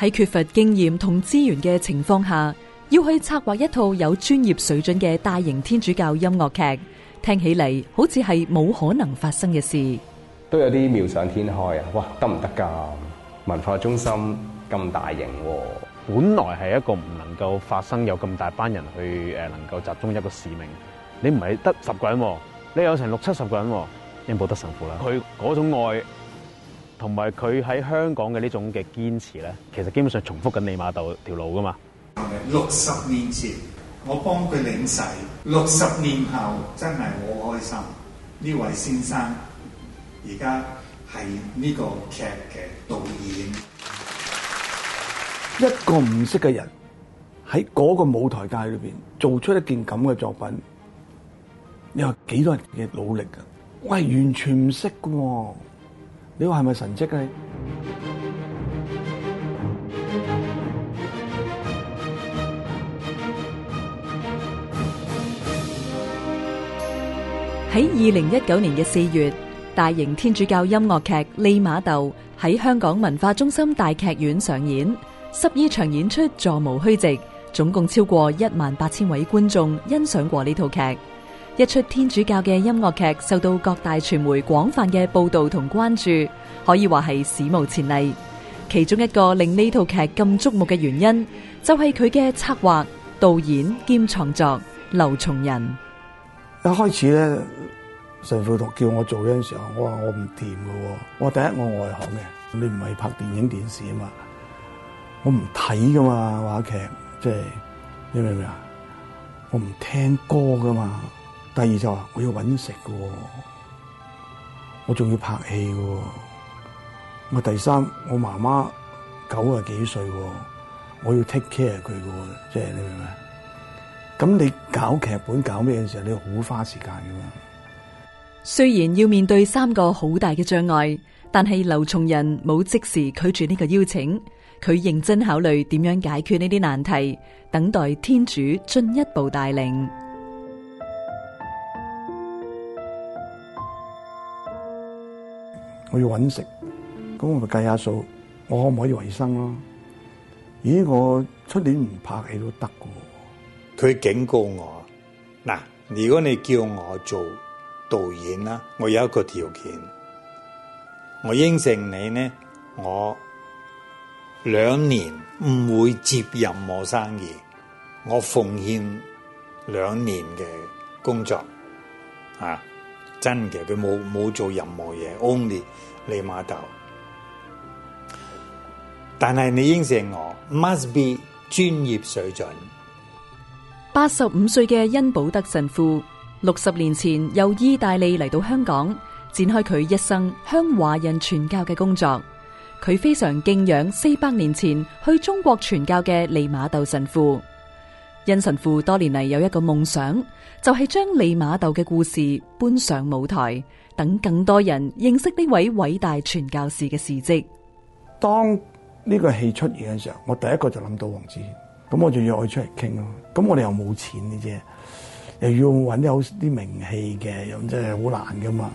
喺缺乏經驗同資源嘅情況下，要去策劃一套有專業水準嘅大型天主教音樂劇，聽起嚟好似係冇可能發生嘅事。都有啲妙想天開啊！哇，得唔得㗎？文化中心咁大型，哦，本來係一個唔能夠發生有咁大班人去，誒、呃，能夠集中一個使命。你唔係得十個人，你有成六七十個人，應報得神父啦。佢嗰種愛。同埋佢喺香港嘅呢種嘅堅持咧，其實基本上重複緊利馬道條路噶嘛。六十年前我幫佢領洗，六十年後真係好開心。呢位先生而家係呢個劇嘅導演，一個唔識嘅人喺嗰個舞台界裏邊做出一件咁嘅作品，你話幾多人嘅努力啊？我係完全唔識㗎。你話係咪神蹟啊？喺二零一九年嘅四月，大型天主教音樂劇《利馬竇》喺香港文化中心大劇院上演，十二場演出座無虛席，總共超過一萬八千位觀眾欣賞過呢套劇。一出天主教嘅音樂劇受到各大傳媒廣泛嘅報道同關注，可以話係史無前例。其中一個令呢套劇咁矚目嘅原因，就係佢嘅策劃、導演兼創作劉松仁。一開始咧，神父同叫我做嗰陣時候，我話我唔掂嘅。我第一我外行嘅，你唔係拍電影電視啊嘛，我唔睇噶嘛，話劇即係你明唔明啊？我唔聽歌噶嘛。第二就話我要搵食嘅，我仲要拍戲嘅。我第三，我媽媽九啊幾歲，我要 take care 佢嘅，即係你明唔明？咁你搞劇本搞咩嘅時候，你好花時間嘅嘛。雖然要面對三個好大嘅障礙，但係劉松仁冇即時拒絕呢個邀請，佢認真考慮點樣解決呢啲難題，等待天主進一步帶領。.我要搵食，咁我咪計下數，我可唔可以維生咯、啊？咦，我出年唔拍戲都得噶。佢警告我：嗱，如果你叫我做導演啦，我有一個條件，我應承你呢，我兩年唔會接任何生意，我奉獻兩年嘅工作，啊。真嘅，佢冇冇做任何嘢，only 利瑪竇。但係你應承我，must be 專業水準。八十五歲嘅恩保德神父，六十年前由意大利嚟到香港，展開佢一生向華人傳教嘅工作。佢非常敬仰四百年前去中國傳教嘅利瑪竇神父。因神父多年嚟有一個夢想，就係將利瑪竇嘅故事搬上舞台，等更多人認識呢位偉大傳教士嘅事跡。當呢個戲出現嘅時候，我第一個就諗到黃子軒，咁我就約佢出嚟傾咯。咁我哋又冇錢嘅啫，又要搵啲好啲名氣嘅，又真係好難㗎嘛。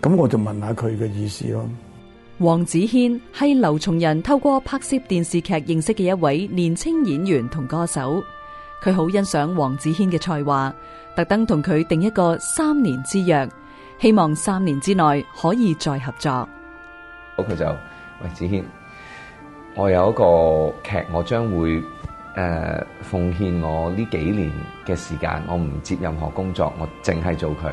咁我就問下佢嘅意思咯。黃子軒係劉松仁透過拍攝電視劇認識嘅一位年輕演員同歌手。佢好欣賞黃子軒嘅才華，特登同佢定一個三年之約，希望三年之內可以再合作。好，佢就，喂，子軒，我有一個劇，我將會誒、呃、奉獻我呢幾年嘅時間，我唔接任何工作，我淨係做佢。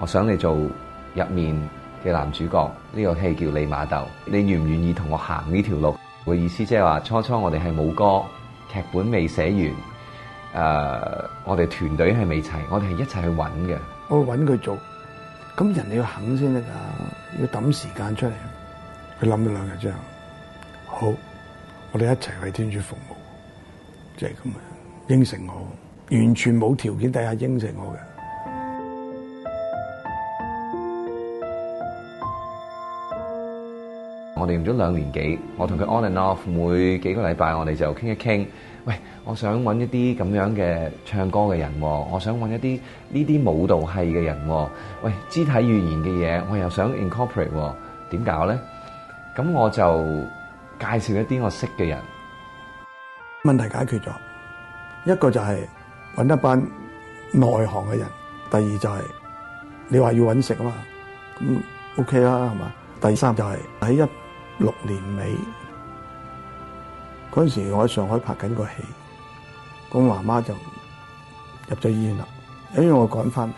我想你做入面嘅男主角，呢、這個戲叫《利馬豆》，你願唔願意同我行呢條路？會意思即係話，初初我哋係冇歌。劇本未寫完，誒、呃，我哋團隊係未齊，我哋係一齊去揾嘅。我揾佢做，咁人哋要肯先得噶，要抌時間出嚟。佢諗咗兩日之後，好，我哋一齊為天主服務，即係咁啊！應承我，完全冇條件底下應承我嘅。我哋用咗兩年幾，我同佢 on and off 每幾個禮拜，我哋就傾一傾。喂，我想揾一啲咁樣嘅唱歌嘅人，我想揾一啲呢啲舞蹈係嘅人。喂，肢體語言嘅嘢，我又想 incorporate，點搞咧？咁我就介紹一啲我識嘅人。問題解決咗，一個就係揾一班內行嘅人，第二就係、是、你話要揾食啊嘛，咁 OK 啦係嘛。第三就係、是、喺一。六年尾嗰陣時，我喺上海拍緊個戲，咁媽媽就入咗醫院啦。因為我趕翻嚟，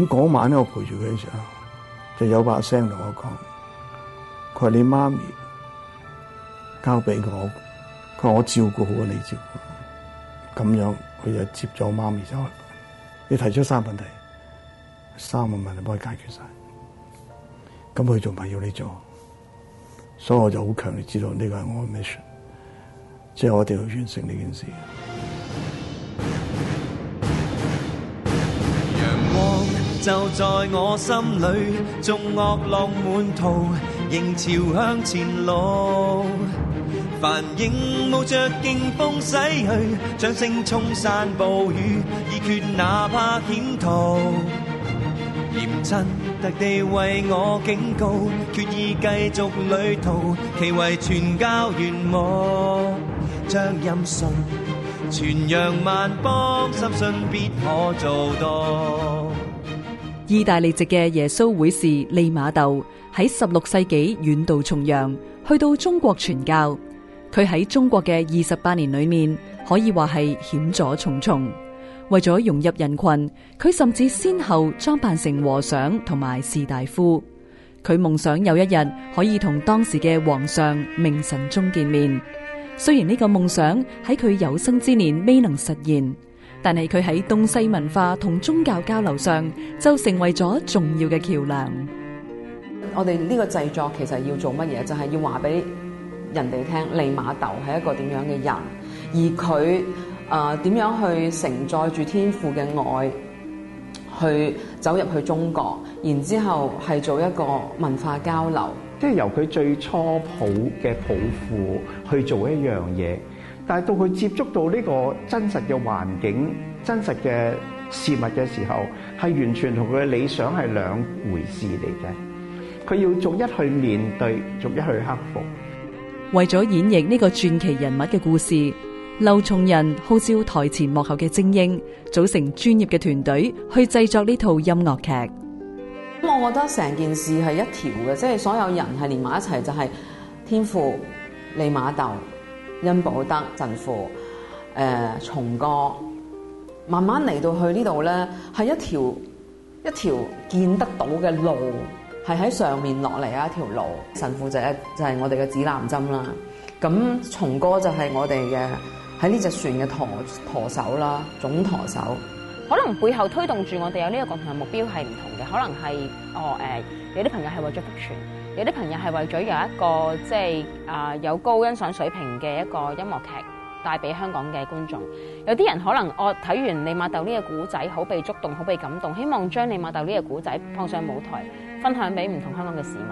咁嗰晚咧，我陪住佢嘅時候，就有把聲同我講：佢話你媽咪交俾我，佢話我照顧好啊，你照顧。咁樣佢就接咗媽咪走啦。你提出三個問題，三個問題幫佢解決晒，咁佢仲係要你做。所以我就好強烈知道呢個係我嘅 mission，即係我一定要完成呢件事。陽光就在我心裏，眾惡浪滿途，迎朝向前路。帆影冒着勁風駛去，掌聲沖散暴雨，意決哪怕險途。嚴親特地為我警告，決意繼續旅途，其為傳教願望，將音信傳揚萬邦，深信必可做到。意大利籍嘅耶穌會士利瑪竇喺十六世紀遠渡重洋，去到中國傳教。佢喺中國嘅二十八年裏面，可以話係險阻重重。為咗融入人群，佢甚至先後裝扮成和尚同埋士大夫。佢夢想有一日可以同當時嘅皇上明神宗見面。雖然呢個夢想喺佢有生之年未能實現，但係佢喺東西文化同宗教交流上就成為咗重要嘅橋樑。我哋呢個製作其實要做乜嘢？就係要話俾人哋聽利瑪竇係一個點樣嘅人，而佢。啊，點樣去承載住天父嘅愛，去走入去中國，然之後係做一個文化交流，即係由佢最初抱嘅抱負去做一樣嘢，但係到佢接觸到呢個真實嘅環境、真實嘅事物嘅時候，係完全同佢嘅理想係兩回事嚟嘅。佢要逐一去面對，逐一去克服。為咗演繹呢個傳奇人物嘅故事。劉松仁號召台前幕後嘅精英，組成專業嘅團隊去製作呢套音樂劇。咁我覺得成件事係一條嘅，即係所有人係連埋一齊，就係、是、天父、利瑪竇、恩保德、神父、誒、呃，松哥，慢慢嚟到去呢度咧，係一條一條見得到嘅路，係喺上面落嚟一條路。神父就係、是、就係、是、我哋嘅指南針啦。咁松哥就係我哋嘅喺呢隻船嘅舵舵手啦，總舵手，可能背後推動住我哋有呢個共同嘅目標係唔同嘅，可能係哦誒，有、呃、啲朋友係為咗福傳，有啲朋友係為咗有一個即係啊、呃、有高欣賞水平嘅一個音樂劇帶俾香港嘅觀眾，有啲人可能我睇、哦、完利瑪竇呢個古仔好被觸動，好被感動，希望將利瑪竇呢個古仔放上舞台，分享俾唔同香港嘅市民，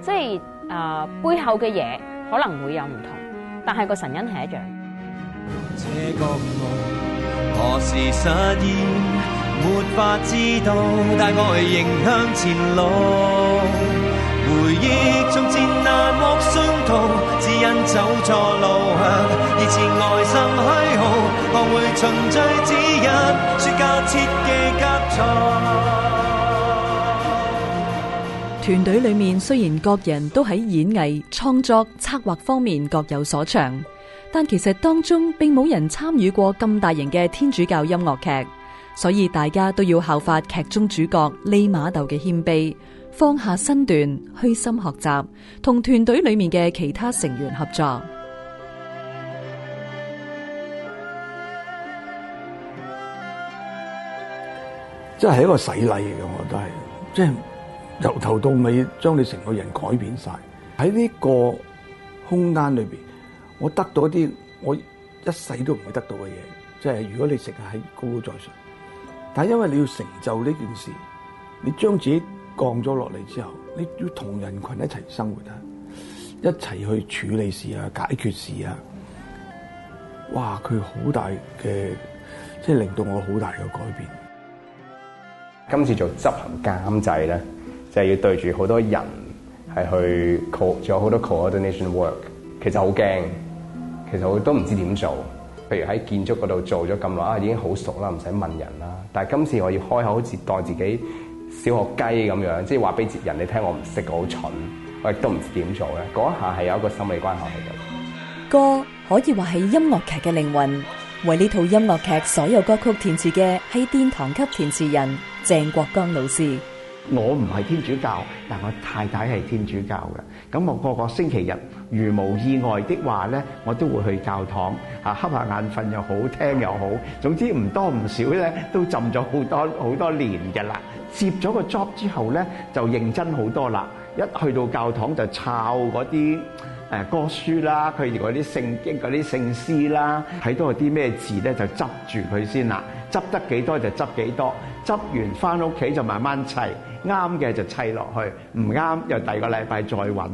即係啊、呃、背後嘅嘢可能會有唔同，但係個神恩係一樣。這個夢何時實現沒法知道，愛迎向前路。回憶從前難莫只因走錯路回走向。以前愛心虛耗，團隊裏面雖然各人都喺演藝、創作、策劃方面各有所長。但其實當中並冇人參與過咁大型嘅天主教音樂劇，所以大家都要效法劇中主角利瑪竇嘅謙卑，放下身段，虛心學習，同團隊裏面嘅其他成員合作。即係一個洗禮嘅，我覺得係，即係由頭到尾將你成個人改變晒喺呢個空間裏邊。我得到一啲我一世都唔會得到嘅嘢，即係如果你成日喺高高在上，但係因為你要成就呢件事，你將自己降咗落嚟之後，你要同人群一齊生活啊，一齊去處理事啊、解決事啊，哇！佢好大嘅，即係令到我好大嘅改變。今次做執行監製咧，就係、是、要對住好多人係去 coord 仲有好多 coordination work，其實好驚。其實我都唔知點做，譬如喺建築嗰度做咗咁耐，啊已經好熟啦，唔使問人啦。但係今次我要開口好似待自己小學雞咁樣，即係話俾人你聽我唔，我唔識，好蠢，我亦都唔知點做咧。嗰一下係有一個心理關口喺度。歌可以話係音樂劇嘅靈魂，為呢套音樂劇所有歌曲填詞嘅係殿堂級填詞人鄭國江老師。我唔係天主教，但我太太係天主教嘅，咁我個個星期日。如無意外的話呢，我都會去教堂嚇，瞌下眼瞓又好，聽又好。總之唔多唔少呢，都浸咗好多好多年嘅啦。接咗個 job 之後呢，就認真好多啦。一去到教堂就抄嗰啲歌書啦，佢哋嗰啲聖經嗰啲聖詩啦，睇到有啲咩字呢，就執住佢先啦。執得幾多就執幾多，執完翻屋企就慢慢砌，啱嘅就砌落去，唔啱又第二個禮拜再揾。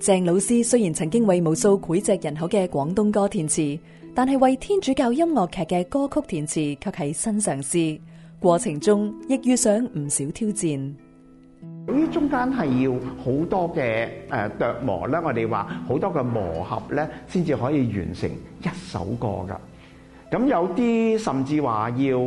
鄭老師雖然曾經為無數膾炙人口嘅廣東歌填詞，但係為天主教音樂劇嘅歌曲填詞卻係新嘗試，過程中亦遇上唔少挑戰。咁中間係要好多嘅誒琢磨啦，我哋話好多嘅磨合咧，先至可以完成一首歌噶。咁有啲甚至話要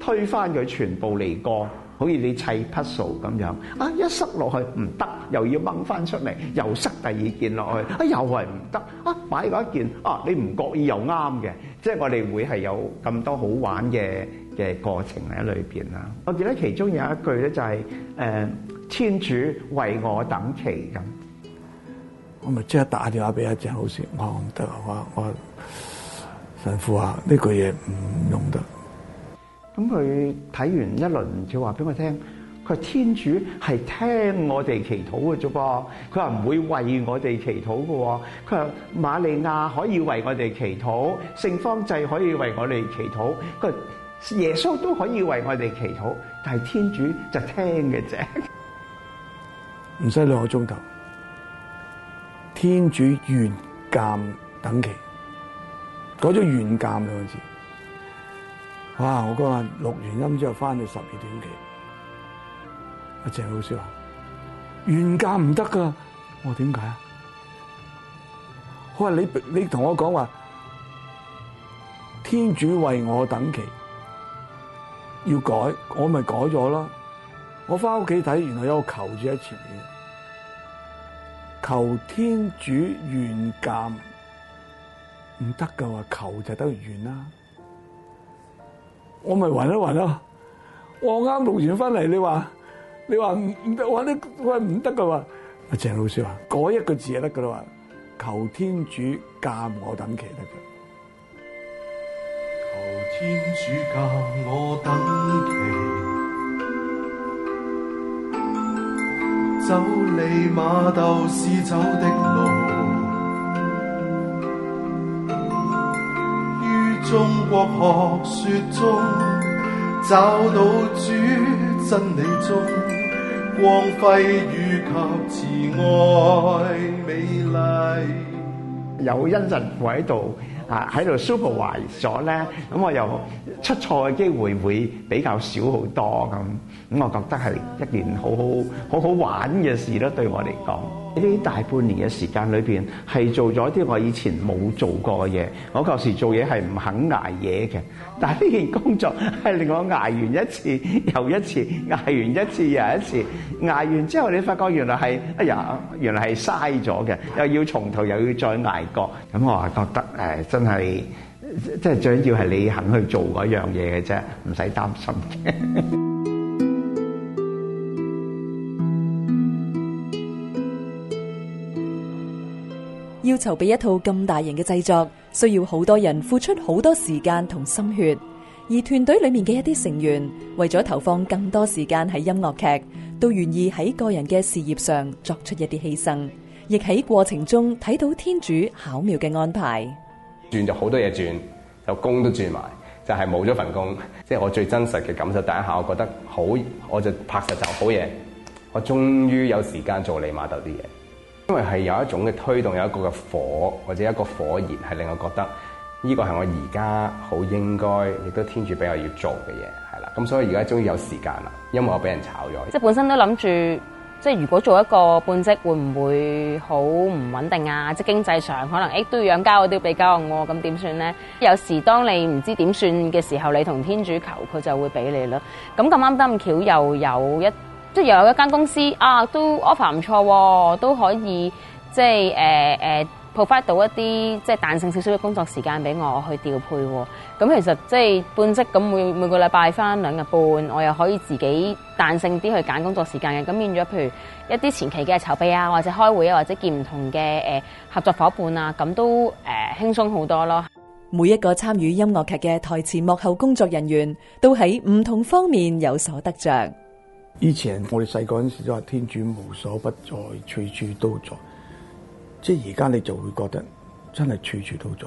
推翻佢全部嚟過。好似你砌 puzzle 咁樣，啊一塞落去唔得，又要掹翻出嚟，又塞第二件落去，啊又係唔得，啊擺一件，啊你唔覺意又啱嘅，即係我哋會係有咁多好玩嘅嘅過程喺裏邊啦。我記得其中有一句咧就係、是，誒、呃、天主為我等祈」咁，我咪即刻打電話俾阿鄭老師，我唔得啊，我，我神父啊，呢句嘢唔用得。咁佢睇完一輪，就話俾我聽，佢話天主係聽我哋祈禱嘅啫噃，佢話唔會為我哋祈禱嘅。佢話瑪利亞可以為我哋祈禱，聖方濟可以為我哋祈禱，佢耶穌都可以為我哋祈禱，但係天主就聽嘅啫。唔使兩個鐘頭，天主願鑒等期，改咗願鑒兩個字。哇！我嗰日錄完音之後翻到十二點幾，阿鄭老師話，原價唔得噶。我點解啊？我話你你同我講話，天主為我等期，要改我咪改咗咯。我翻屋企睇，原來有個求字喺前面，求天主原價唔得噶，話求就等於原啦。我咪暈一暈咯，我啱錄完翻嚟，你話你話唔我啲喂唔得噶嘛？阿鄭老師話：嗰一個字就得噶啦嘛，求天主教我等期得路。中國學說中，找到主真理中光輝與求慈愛美麗有恩人坐喺度啊，喺度 supervise 咗咧，咁我又出錯嘅機會會比較少好多咁，咁我覺得係一件好好好好玩嘅事咯，對我嚟講。喺呢大半年嘅時間裏邊，係做咗啲我以前冇做過嘅嘢。我舊時做嘢係唔肯捱嘢嘅，但係呢件工作係令我捱完一次又一次，捱完一次又一次，捱完之後你發覺原來係，哎呀，原來係嘥咗嘅，又要從頭又要再捱過。咁我話覺得誒、呃，真係即係最緊要係你肯去做嗰樣嘢嘅啫，唔使擔心嘅。 要籌備一套咁大型嘅製作，需要好多人付出好多時間同心血，而團隊裏面嘅一啲成員為咗投放更多時間喺音樂劇，都願意喺個人嘅事業上作出一啲犧牲，亦喺過程中睇到天主巧妙嘅安排。轉就好多嘢轉，就工都轉埋，就係冇咗份工，即係我最真實嘅感受。第一下我覺得好，我就拍實就好嘢，我終於有時間做利瑪竇啲嘢。因為係有一種嘅推動，有一個嘅火或者一個火焰，係令我覺得呢個係我而家好應該，亦都天主比較要做嘅嘢，係啦。咁所以而家終於有時間啦，因為我俾人炒咗。即係本身都諗住，即係如果做一個半職，會唔會好唔穩定啊？即係經濟上可能誒、欸、都要養家，我都要俾家用我，咁點算咧？有時當你唔知點算嘅時候，你同天主求，佢就會俾你啦。咁咁啱得咁巧，又有一。即又有一間公司啊，都 offer 唔錯，都可以即係誒誒 provide 到一啲即係彈性少少嘅工作時間俾我去調配。咁其實即係半職，咁每每個禮拜返兩日半，我又可以自己彈性啲去揀工作時間嘅。咁變咗，譬如一啲前期嘅籌備啊，或者開會啊，或者見唔同嘅誒合作伙伴啊，咁都誒輕鬆好多咯。每一個參與音樂劇嘅台前幕後工作人員，都喺唔同方面有所得着。以前我哋細個嗰陣時都話天主無所不在，處處都在。即係而家你就會覺得真係處處都在，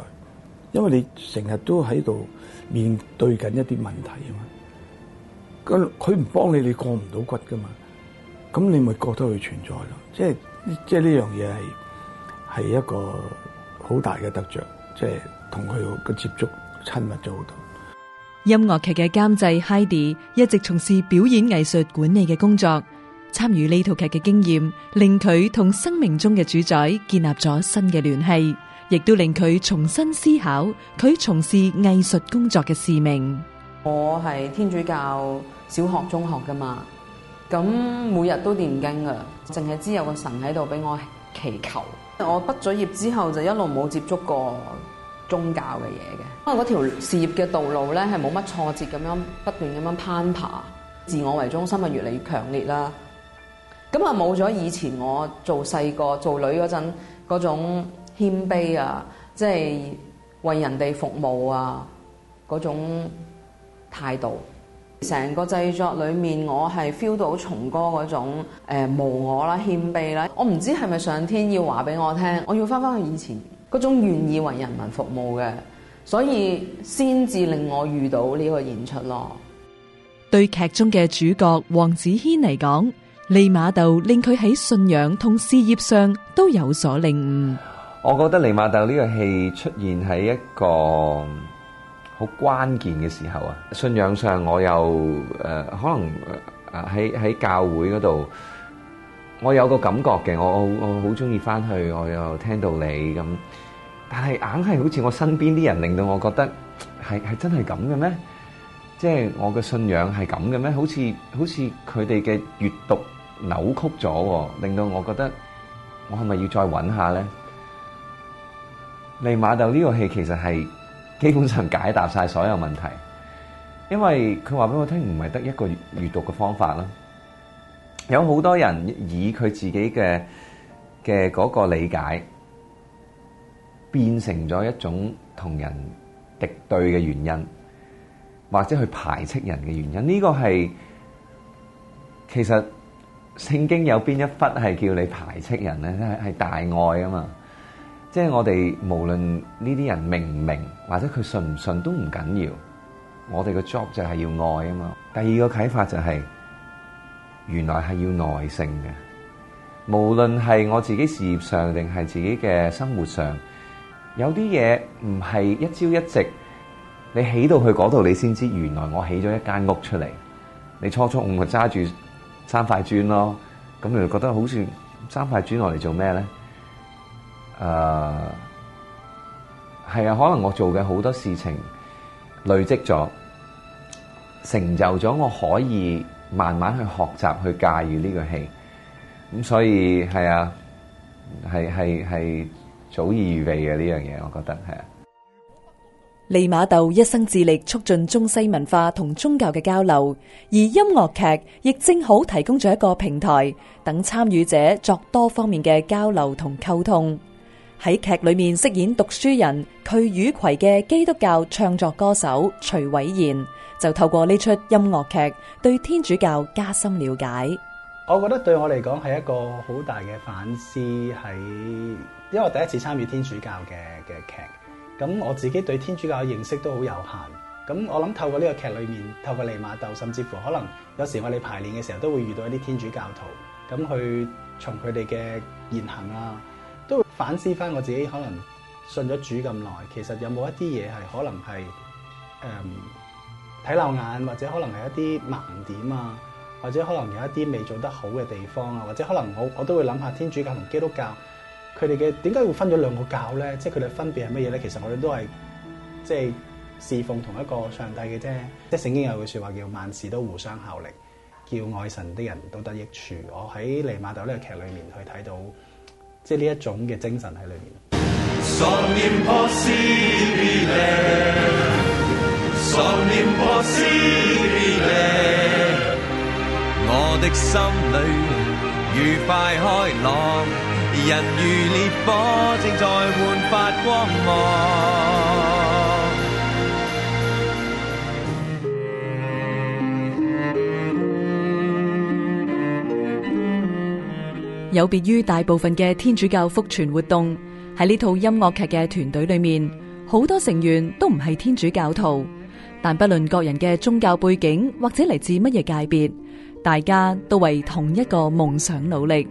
因為你成日都喺度面對緊一啲問題啊嘛。咁佢唔幫你，你過唔到骨噶嘛。咁你咪覺得佢存在咯。即係即係呢樣嘢係係一個好大嘅得着，即係同佢嘅接觸親密咗好多。音樂劇嘅監製 Hedy 一直從事表演藝術管理嘅工作，參與呢套劇嘅經驗令佢同生命中嘅主宰建立咗新嘅聯繫，亦都令佢重新思考佢從事藝術工作嘅使命。我係天主教小學、中學噶嘛，咁每日都念經啊，淨係知有個神喺度俾我祈求。我畢咗業之後就一路冇接觸過宗教嘅嘢嘅。因為嗰條事業嘅道路咧，係冇乜挫折咁樣，不斷咁樣攀爬，自我為中心係越嚟越強烈啦。咁啊，冇咗以前我做細個做女嗰陣嗰種謙卑啊，即係為人哋服務啊嗰種態度。成個製作裏面，我係 feel 到松哥嗰種誒、呃、無我啦、謙卑啦。我唔知係咪上天要話俾我聽，我要翻翻去以前嗰種願意為人民服務嘅。所以先至令我遇到呢個演出咯。對劇中嘅主角黃子軒嚟講，利馬竇令佢喺信仰同事業上都有所領悟。我覺得利馬竇呢個戲出現喺一個好關鍵嘅時候啊！信仰上我又誒，可能喺喺教會嗰度，我有個感覺嘅，我我好中意翻去，我又聽到你咁。但係硬係好似我身邊啲人令到我覺得係係真係咁嘅咩？即係我嘅信仰係咁嘅咩？好似好似佢哋嘅閱讀扭曲咗，令到我覺得我係咪要再搵下咧？利馬竇呢個戲其實係基本上解答晒所有問題，因為佢話俾我聽唔係得一個閱讀嘅方法囉。有好多人以佢自己嘅嘅嗰個理解。變成咗一種同人敵對嘅原因，或者去排斥人嘅原因，呢個係其實聖經有邊一忽係叫你排斥人咧？係大愛啊嘛！即係我哋無論呢啲人明唔明，或者佢信唔信都唔緊要，我哋嘅 job 就係要愛啊嘛。第二個啟發就係原來係要耐性嘅，無論係我自己事業上定係自己嘅生活上。有啲嘢唔係一朝一夕，你起到去嗰度，你先知原來我起咗一間屋出嚟。你初初五咪揸住三塊磚咯，咁你又覺得好似三塊磚落嚟做咩咧？誒，係啊，可能我做嘅好多事情累積咗，成就咗我可以慢慢去學習去駕馭呢個戲。咁所以係啊，係係係。早已預備嘅呢樣嘢，我覺得係。利馬竇一生致力促進中西文化同宗教嘅交流，而音樂劇亦正好提供咗一個平台，等參與者作多方面嘅交流同溝通。喺劇裏面飾演讀書人佢羽葵嘅基督教唱作歌手徐偉賢，就透過呢出音樂劇對天主教加深了解。我覺得對我嚟講係一個好大嘅反思喺。因為我第一次參與天主教嘅嘅劇，咁我自己對天主教嘅認識都好有限。咁我諗透過呢個劇裏面，透過利瑪竇，甚至乎可能有時我哋排練嘅時候都會遇到一啲天主教徒，咁去從佢哋嘅言行啊，都會反思返我自己可能信咗主咁耐，其實有冇一啲嘢係可能係誒睇漏眼，或者可能係一啲盲點啊，或者可能有一啲未做得好嘅地方啊，或者可能我我都會諗下天主教同基督教。佢哋嘅點解會分咗兩個教咧？即係佢哋分別係乜嘢咧？其實我哋都係即係侍奉同一個上帝嘅啫。即係聖經有句説話叫萬事都互相效力，叫愛神啲人都得益處。我喺尼瑪豆呢個劇裏面去睇到，即係呢一種嘅精神喺裏面。念破我的心裏愉快開朗。 」 有別於大部分嘅天主教福傳活動，喺呢套音樂劇嘅團隊裏面，好多成員都唔係天主教徒，但不論各人嘅宗教背景或者嚟自乜嘢界別。大家都為同一個夢想努力，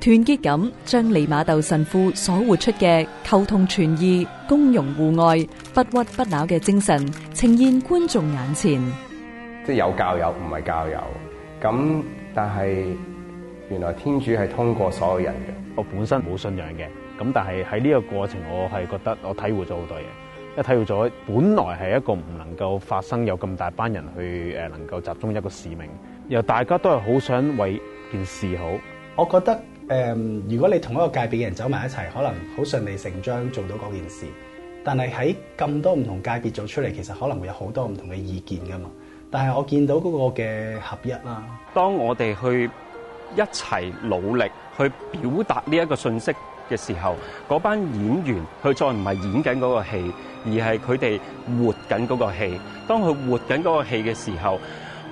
團結咁將利馬竇神父所活出嘅溝通、傳意、公融、互愛、不屈不撓嘅精神呈現觀眾眼前。即係有教友唔係教友咁，但係原來天主係通過所有人嘅。我本身冇信仰嘅，咁但係喺呢個過程，我係覺得我體會咗好多嘢，一體會咗本來係一個唔能夠發生有咁大班人去誒、呃，能夠集中一個使命。又大家都係好想為件事好，我覺得誒、呃，如果你同一個界別嘅人走埋一齊，可能好順理成章做到嗰件事。但係喺咁多唔同界別做出嚟，其實可能會有好多唔同嘅意見噶嘛。但係我見到嗰個嘅合一啦，當我哋去一齊努力去表達呢一個信息嘅時候，嗰班演員佢再唔係演緊嗰個戲，而係佢哋活緊嗰個戲。當佢活緊嗰個戲嘅時候。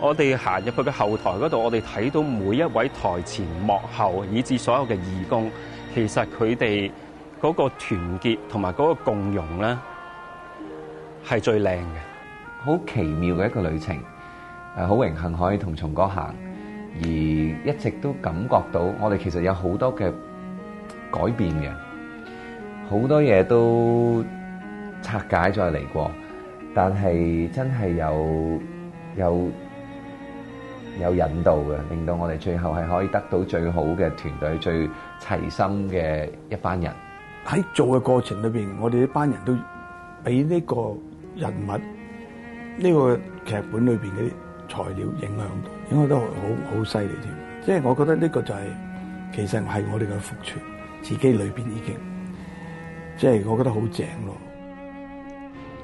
我哋行入去嘅後台嗰度，我哋睇到每一位台前幕後，以至所有嘅義工，其實佢哋嗰個團結同埋嗰個共融咧，係最靚嘅。好奇妙嘅一個旅程，誒，好榮幸可以同松哥行，而一直都感覺到我哋其實有好多嘅改變嘅，好多嘢都拆解再嚟過，但係真係有有。有有引導嘅，令到我哋最後係可以得到最好嘅團隊、最齊心嘅一班人。喺做嘅過程裏邊，我哋一班人都俾呢個人物呢個劇本裏邊嘅材料影響到，應該都好好犀利添。即係我覺得呢個就係其實係我哋嘅複存自己裏邊已經，即係我覺得好正咯。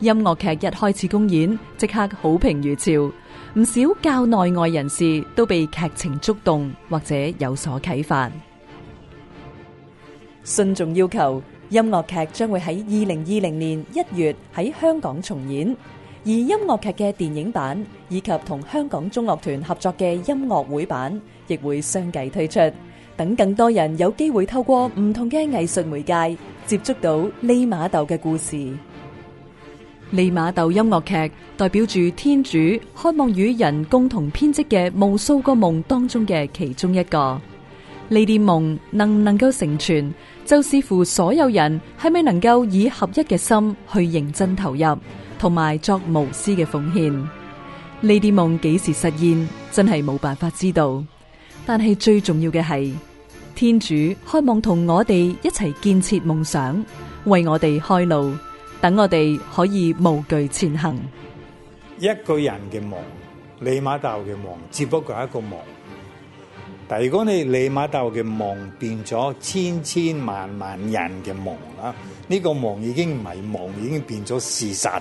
音樂劇一開始公演，即刻好評如潮，唔少教內外人士都被劇情觸動，或者有所啟發。信眾要求，音樂劇將會喺二零二零年一月喺香港重演，而音樂劇嘅電影版以及同香港中樂團合作嘅音樂會版，亦會相繼推出，等更多人有機會透過唔同嘅藝術媒介接觸到利瑪竇嘅故事。利瑪竇音樂劇代表住天主，渴望與人共同編織嘅無數個夢當中嘅其中一個。呢啲夢能唔能夠成全，就視乎所有人係咪能夠以合一嘅心去認真投入，同埋作無私嘅奉獻。呢啲夢幾時實現，真係冇辦法知道。但係最重要嘅係，天主渴望同我哋一齊建設夢想，為我哋開路。等我哋可以無懼前行。一個人嘅夢，利瑪竇嘅夢，只不過係一個夢。但如果你利瑪竇嘅夢變咗千千萬萬人嘅夢啦，呢、這個夢已經唔係夢，已經變咗事實。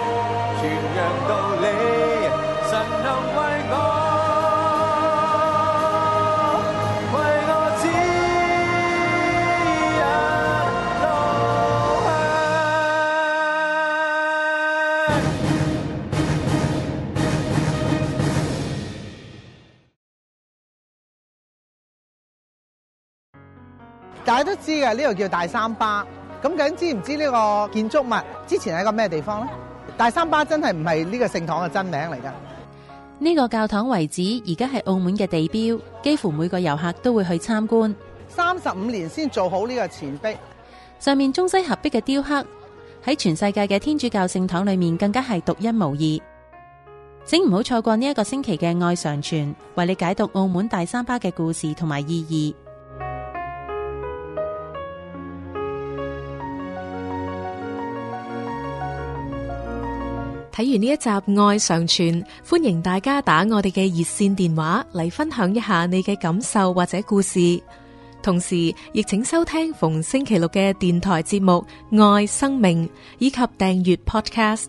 大家都知呀，呢度叫大三巴，咁究竟知唔知呢個建築物之前係一個咩地方呢？大三巴真係唔係呢個聖堂嘅真名嚟噶？呢個教堂遺址而家係澳門嘅地標，幾乎每個遊客都會去參觀。三十五年先做好呢個前壁，上面中西合璧嘅雕刻喺全世界嘅天主教聖堂裏面更加係獨一無二。請唔好錯過呢一個星期嘅《愛常傳》，為你解讀澳門大三巴嘅故事同埋意義。睇完呢一集《愛常傳》，歡迎大家打我哋嘅熱線電話嚟分享一下你嘅感受或者故事。同時，亦請收聽逢星期六嘅電台節目《愛生命》，以及訂閱 Podcast。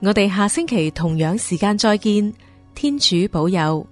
我哋下星期同樣時間再見，天主保佑。